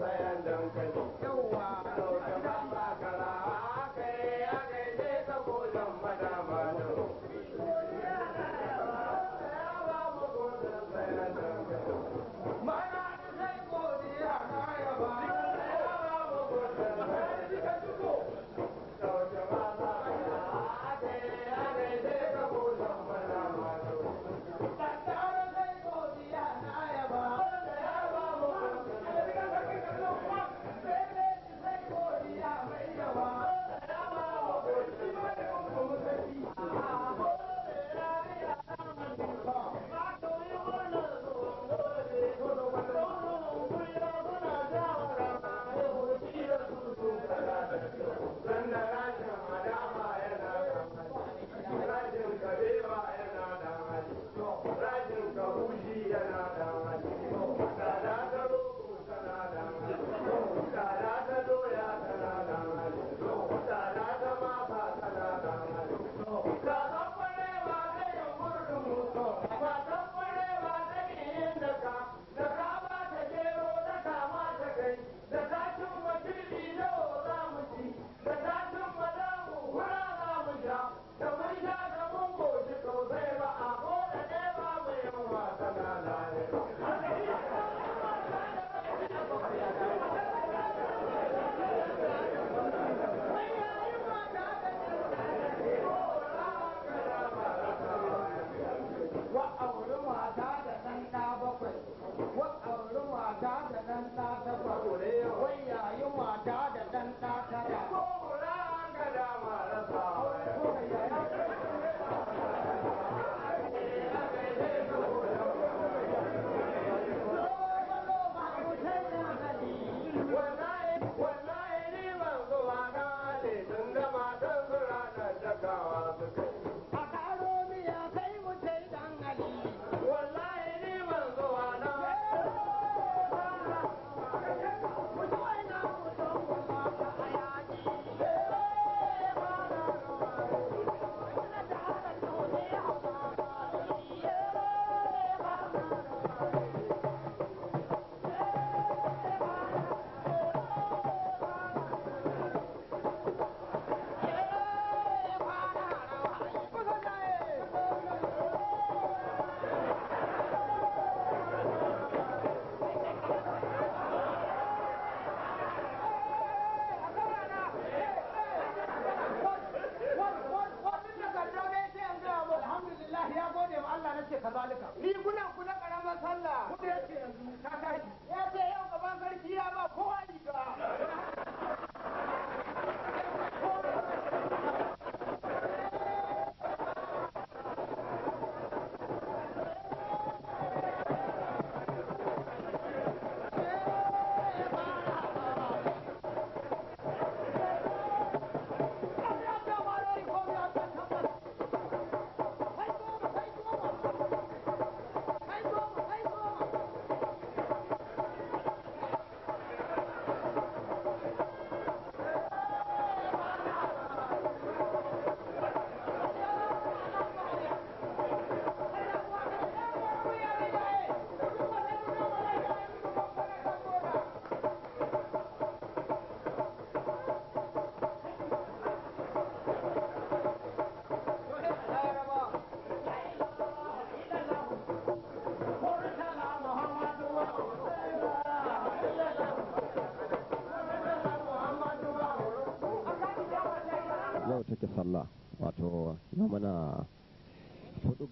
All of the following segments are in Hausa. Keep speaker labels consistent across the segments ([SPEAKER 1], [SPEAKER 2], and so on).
[SPEAKER 1] Sandon kai yawa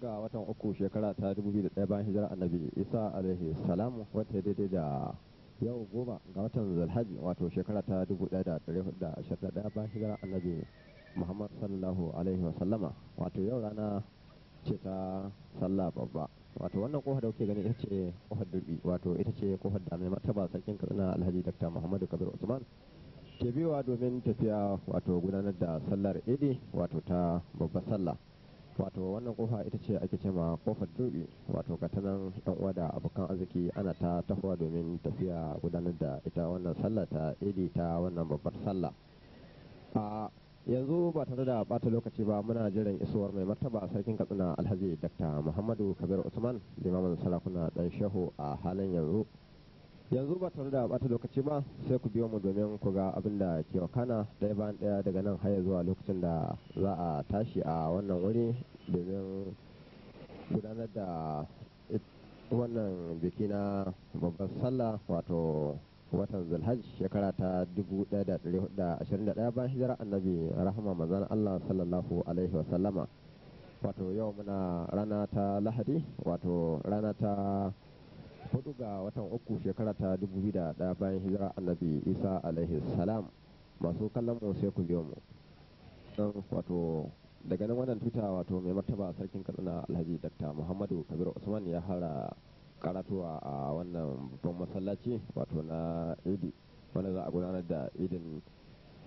[SPEAKER 2] ga watan uku shekara ta 2001 bayan hijirar annabi isa alaihi salam wata daidai da yau goma ga watan zalhaji wato shekara ta 1421 bayan hijirar annabi muhammad sallallahu alaihi wasallama wato yau rana ce ta sallah babba wato wannan kohar da kuke gani ita ce kohar durbi wato ita ce kohar da mai martaba sarkin katsina alhaji dr muhammadu kabir usman ke biyowa domin tafiya wato gudanar da sallar idi wato ta babbar sallah wato wannan kofa ita ce ake ce ma kofar dubi wato ga yan uwa da abokan arziki ana ta tahowa domin tafiya gudanar da ita wannan sallah ta idi ta wannan babbar sallah a yanzu ba tare da bata lokaci ba muna jiran isowar mai martaba sarkin katsina alhaji dr muhammadu kabir usman limamin sarakuna dan shehu a halin yanzu yanzu ba tare da bata lokaci ba sai ku biyo mu domin ku ga abin da ke wakana ɗaya bayan ɗaya daga nan har zuwa lokacin da za a tashi a wannan wuri domin gudanar da wannan biki na babbar sallah wato watan zulhaj shekara ta 1421 bayan hijira annabi rahama mazan Allah sallallahu alaihi wa wato yau muna rana ta lahadi wato rana ta hudu ga watan uku shekara ta dubu biyu da daya bayan hijira annabi isa alaihi salam masu kallon mu sai ku biyo mu don wato daga nan wannan tuta wato mai martaba sarkin katsina alhaji dr muhammadu kabiru usman ya hara karatuwa a wannan babban masallaci wato na idi wanda za a gudanar da idin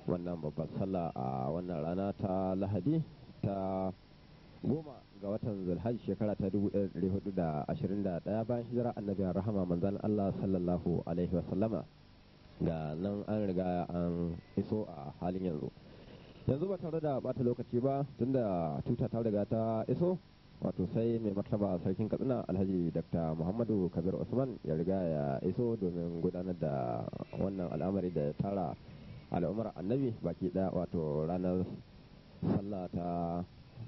[SPEAKER 2] wannan babban sallah a wannan rana ta lahadi ta goma ga watan zulhaj shekara ta 1421 bayan hijira annabi rahama manzan Allah sallallahu alaihi wasallama ga nan an riga an iso a halin yanzu yanzu ba tare da bata lokaci ba tun da tuta ta riga ta iso wato sai mai martaba sarkin katsina alhaji dr muhammadu kabir usman ya riga ya iso domin gudanar da wannan al'amari da tara al'ummar annabi baki daya wato ranar sallah ta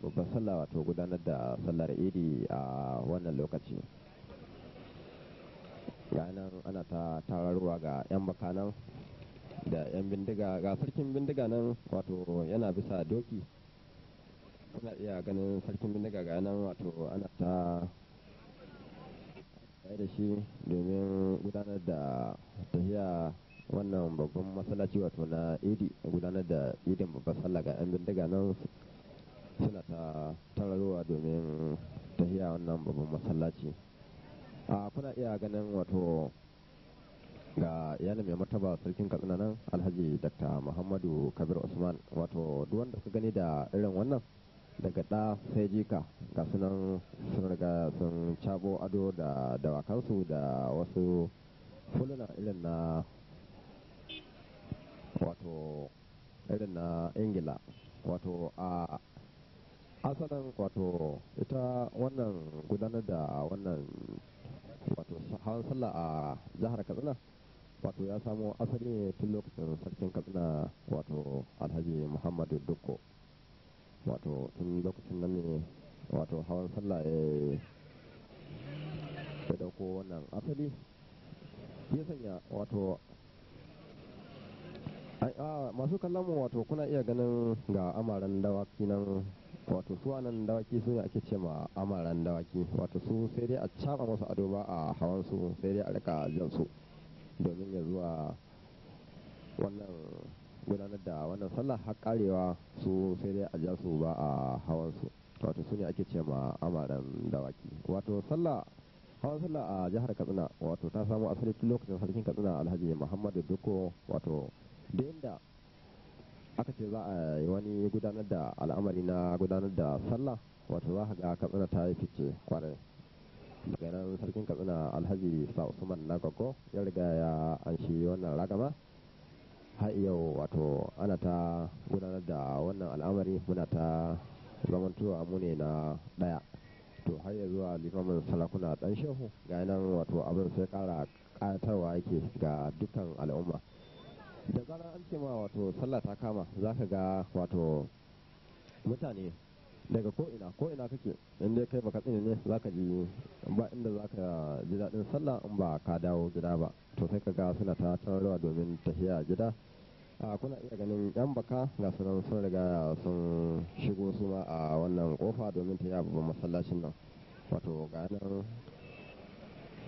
[SPEAKER 2] babban sallah wato gudanar da sallar idi a wannan lokaci nan ana ta tararwa ga 'yan bakanan da 'yan bindiga ga sarkin bindiga nan wato yana bisa doki kuna iya ganin sarkin bindiga ga nan wato ana ta da shi domin gudanar da tafiya wannan babban masallaci wato na idi gudanar da idin babban sallah ga 'yan bindiga nan suna ta tararowa domin tafiya wannan babban masallaci a kuna iya ganin wato ga yana mai martaba sarkin katsina nan alhaji dr muhammadu kabir usman wato duk wanda suka gani da irin wannan daga ɗa sai jika ga sunan sun riga sun cabo ado da dawakansu da wasu fuluna irin na wato irin na ingila wato a asalin wato ita wannan gudanar da wannan wato hawan sallah a jihar katsina wato ya samo asali ne tun lokacin sarkin katsina wato alhaji muhammadu dukko wato tun lokacin nan ne wato hawan sallah ya dauko wannan asali ya sanya wato masu kallon mu wato kuna iya ganin ga amaran dawaki nan wato su nan dawaki su ne ake ce ma amaran dawaki wato su sai dai a caba masu ado ba a hawan su sai dai a rika jan su domin ya zuwa wannan gudanar da wannan sallah har karewa su sai dai a jan su ba a hawan su wato su ne ake ce ma amaran dawaki wato sallah hawan sallah a jihar katsina wato ta samu asali tun lokacin sarkin katsina alhaji muhammadu duko wato da yadda aka ce za a yi wani gudanar da al'amari na gudanar da sallah wato za ga katsina ta yi fice kwarai daga nan sarkin katsina alhaji sa usman na gaggo ya riga ya an shi wannan ragama har yau wato ana ta gudanar da wannan al'amari muna ta zamantowa mu ne na daya to har yanzu a limamin salakuna dan shehu ga nan wato abin sai kara katarwa yake ga dukkan al'umma da zarar an ce ma wato sallah ta kama za ka ga wato mutane daga ko'ina ko'ina kake inda kai baka tsini ne za ka ji ba inda za ka ji daɗin sallah in ba ka dawo gida ba to sai ka ga suna ta tararwa domin tafiya gida a kuna iya ganin yan baka ga sunan sun riga sun shigo su ma a wannan kofa domin tafiya babban masallacin nan wato ga nan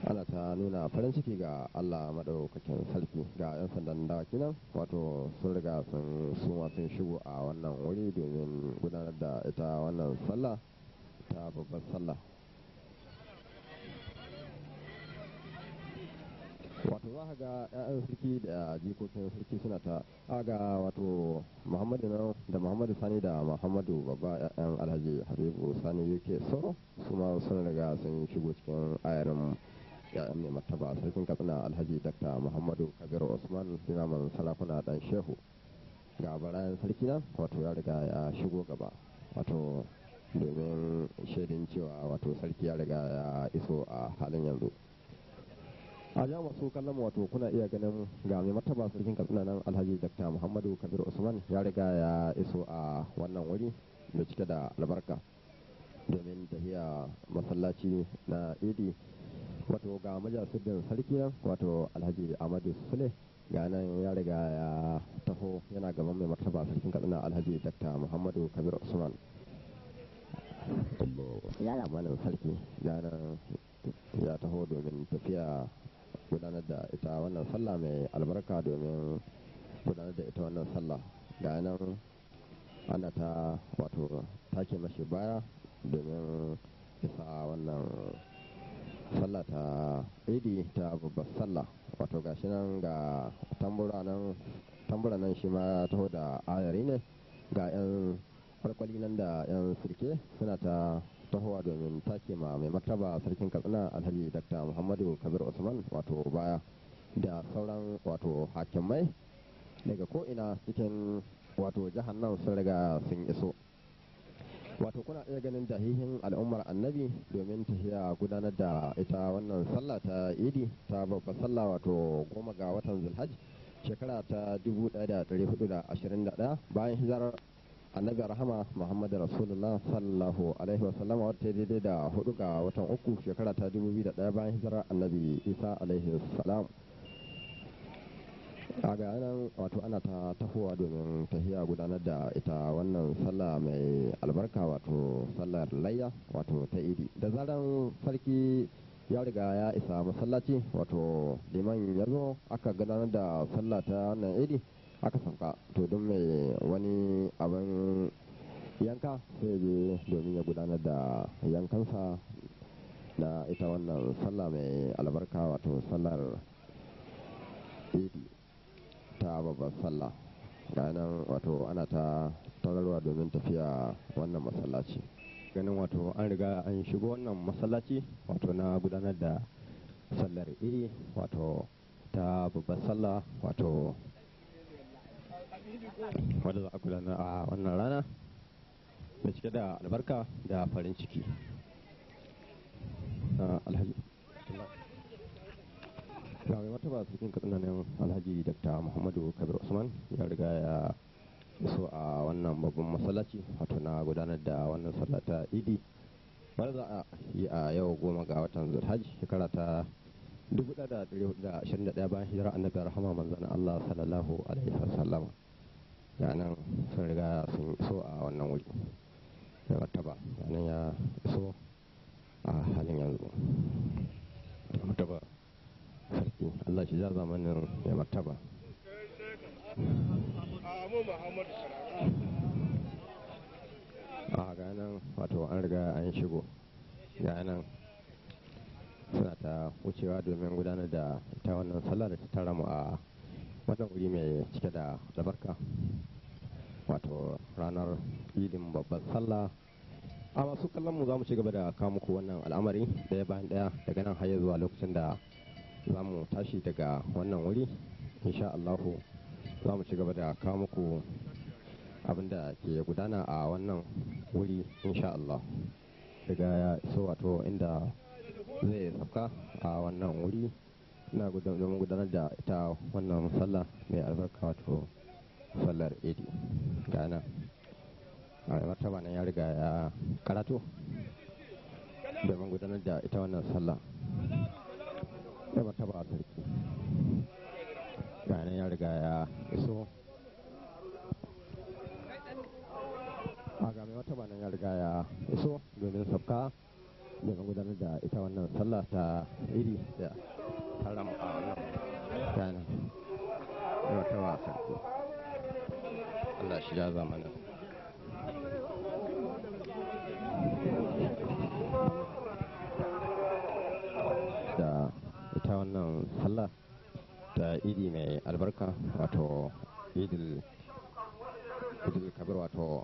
[SPEAKER 2] ana ta nuna farin ciki ga allah maɗaukakin sarki ga 'yan sandan dawaki nan wato sun riga sun suma sun shigo a wannan wuri domin gudanar da ita wannan sallah ta babbar sallah wato za ga 'ya'yan sarki da jikokin sarki suna ta aga wato muhammadu nan da muhammadu sani da muhammadu babba 'ya'yan alhaji habibu sani yake soro su ma sun riga sun shigo cikin ayarin yayan mai martaba sarkin katsina alhaji dr muhammadu kabir usman limamin salafuna dan shehu ga barayan sarki nan wato ya riga ya shigo gaba wato domin shaidin cewa wato sarki ya riga ya iso a halin yanzu a ja masu kallon wato kuna iya ganin ga mai martaba sarkin katsina nan alhaji dr muhammadu kabir usman ya riga ya iso a wannan wuri da cike da albarka domin tafiya masallaci na idi wato ga majalisar sarki nan wato alhaji amadu sule ga nan ya riga ya taho yana gaban mai martaba sarkin katsina alhaji dr muhammadu kabir usman ya lamanin sarki ga nan ya taho domin tafiya gudanar da ita wannan sallah mai albarka domin gudanar da ita wannan sallah ga nan ana ta wato take mashi baya domin isa wannan sallah ta idi ta babbar sallah wato gashi nan ga tambura nan shi ma taho da ayari ne ga 'yan farkwali nan da 'yan sirke suna ta tahowa domin take ma mai martaba sarkin katsina alhaji dr muhammadu kabir usman wato baya da sauran wato hakimai daga ko'ina cikin wato jihar nan sun riga sun iso wato kuna iya ganin dahihin al'ummar annabi domin tafiya gudanar da ita wannan sallah ta idi ta babbar sallah wato goma ga watan zulhaj shekara ta 1421 bayan hijirar annabi rahama muhammad rasulullah sallallahu alaihi wasallama wata daidai da hudu ga watan uku shekara ta 2001 bayan hijirar annabi isa alaihi salam a ga nan wato ana ta tahowa domin tahiya gudanar da ita wannan sallah mai albarka wato sallar layya wato ta idi da zaran sarki ya riga ya isa masallaci wato liman ya zo aka gudanar da sallah ta wannan idi aka sauka to don mai wani abin yanka sai je domin ya gudanar da yankansa na ita wannan sallah mai albarka wato sallar idi ta babban sallah ranar wato ana ta tararwa domin tafiya wannan masallaci ganin wato an riga an shigo wannan masallaci wato na gudanar da sallar iri wato ta babban sallah wato wadda za a gudanar a wannan rana da cike da albarka da farin ciki ah, alhaji na mai martaba sarkin katsina alhaji dr muhammadu kabir usman ya riga ya iso a wannan babban masallaci wato na gudanar da wannan sallata idi wadda za a yi a yau goma ga watan zulhaji shekara ta 1421 bayan hijira annabi rahama manzon Allah sallallahu alaihi wasallam ya nan sun riga sun iso a wannan wuri ya martaba ya nan ya iso a halin yanzu martaba Allah shi zamanin ya martaba a ga wato an riga an shigo ga suna ta wucewa domin gudanar da ta wannan sallah da ta tara mu a wannan wuri mai cike da albarka wato ranar idin babban sallah a masu kallon mu za mu ci gaba da kawo wannan al'amari daya bayan daya daga nan har zuwa lokacin da za mu tashi daga wannan wuri insha Allahu za mu ci gaba da kawo muku abin da ke gudana a wannan wuri insha Allah daga ya iso wato inda zai sauka a wannan wuri na domin gudanar da ita wannan sallah mai albarka wato sallar idi gana a martaba nan ya riga ya karatu domin gudanar da ita wannan sallah ta ba ta ba sarki bayanan ya riga ya iso a game wata nan ya riga ya iso domin sabka domin gudanar da ita wannan sallah ta iri da haram a wannan bayanan wata ba sarki Allah shi ya zamanin sallah ta idi mai albarka wato idil idil kabir wato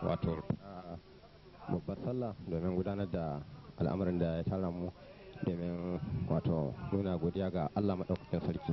[SPEAKER 2] wato babbar sallah domin gudanar da al'amarin da ya tara mu domin wato nuna godiya ga allah maɗaukakin sarki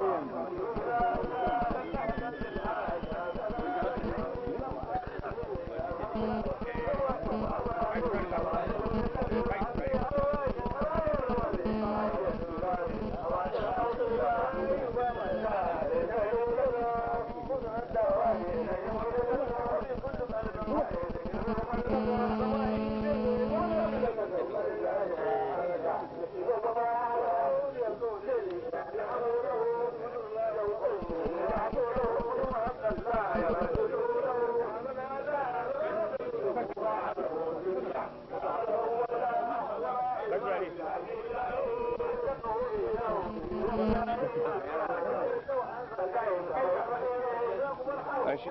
[SPEAKER 1] أش...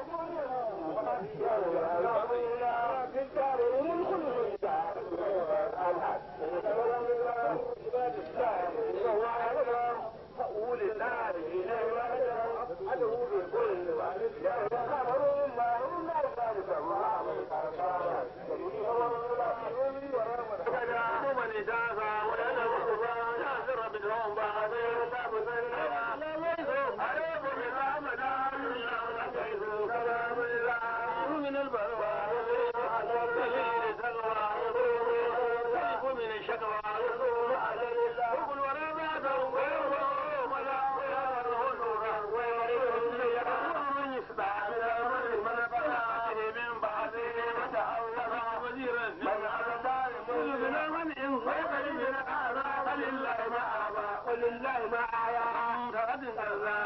[SPEAKER 1] about uh,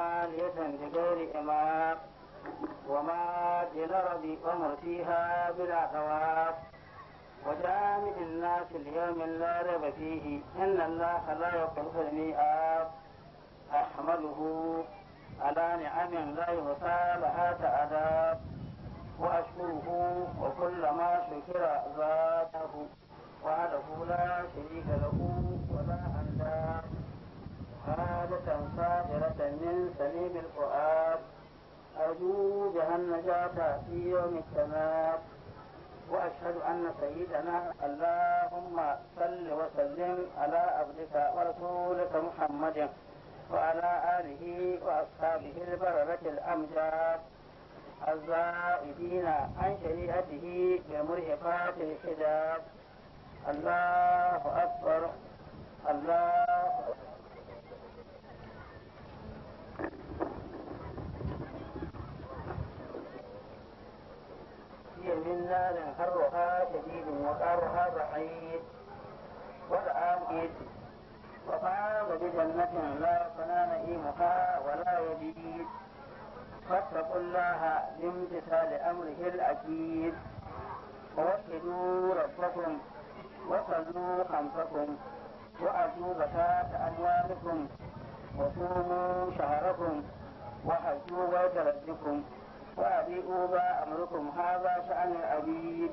[SPEAKER 1] آلية بغير إمام ومات لرب أمر فيها بلا ثواب وجامع الناس اليوم لا ريب فيه إن الله لا يخلف الميعاد أحمده على نعم لا يغطى لها تعذاب وأشكره وكل ما شكر ذاته وعده لا شريك له ولا أنداب سعادة صادرة من سليم الفؤاد أرجو بها النجاة في يوم التمام وأشهد أن سيدنا اللهم صل وسلم على عبدك ورسولك محمد وعلى آله وأصحابه البررة الأمجاد الزائدين عن شريعته بمرهقات الحجاب الله أكبر الله يأتي وطعام بجنة لا يقنى نئيمها ولا يبيد فاتقوا الله لامتثال أمره الأكيد ووحدوا ربكم وصلوا خمسكم وأتوا زكاة أموالكم وصوموا شهركم وحجوا بيت ربكم وأبيئوا ما أمركم هذا شأن الأبيد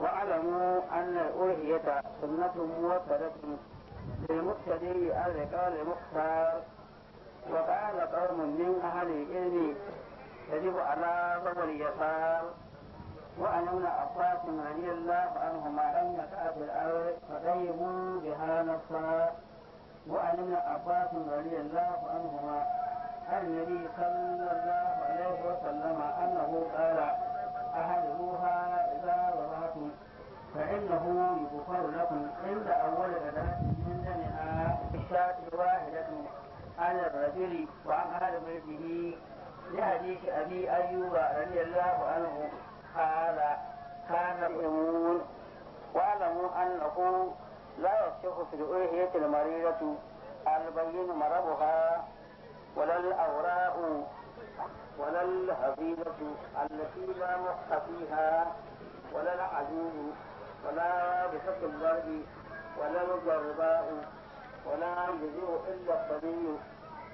[SPEAKER 1] واعلموا أن الألهية سنة موكدة للمبتدئ الرجال المختار وقال قوم من أهل العلم يجب على ضوء اليسار وعن ابن عباس رضي الله عنهما أن في الأرض فطيبوا بها نصا وعن ابن عباس رضي الله عنهما عن النبي صلى الله عليه وسلم أنه قال أهلوها فإنه يغفر لكم عند أول غداة من دمها شاة واحدة على الرجل وعن أهل بيته لحديث أبي أيوب رضي الله عنه قال كان يؤمنون واعلموا أنه لا يصح في الأوهية المريضة البين مرضها ولا الأوراء ولا الهبيلة التي لا مخ فيها ولا العجوز ولا بشق البرد ولا الرباء ولا يجزئ إلا الصبي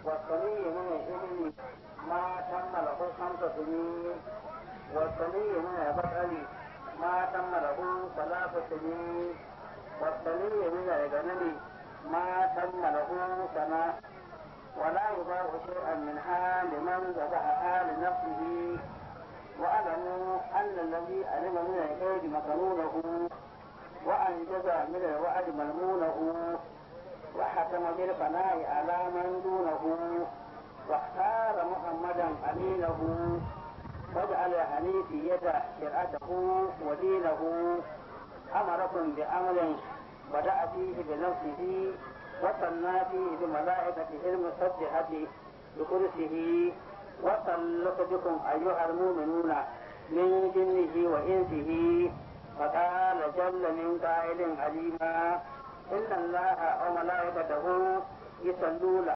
[SPEAKER 1] والصبي من الإبل ما تم له خمس سنين والصبي من البقر ما تم له ثلاث سنين والصبي من الغنم ما تم له سنة ولا يضاع شيئا منها لمن ذبحها لنفسه واعلموا ان الذي علم من الكيد مكنونه وانجز من الوعد ملمونه وحكم بالفناء على من دونه واختار محمدا امينه واجعل يد شرعته ودينه امركم بامر بدا فيه بنفسه وصلنا فيه بملائكته المسبحه بكرسه وصلت بكم أيها المؤمنون من جنه وإنسه فقال جل من قائل عليما إن الله وملائكته يصلون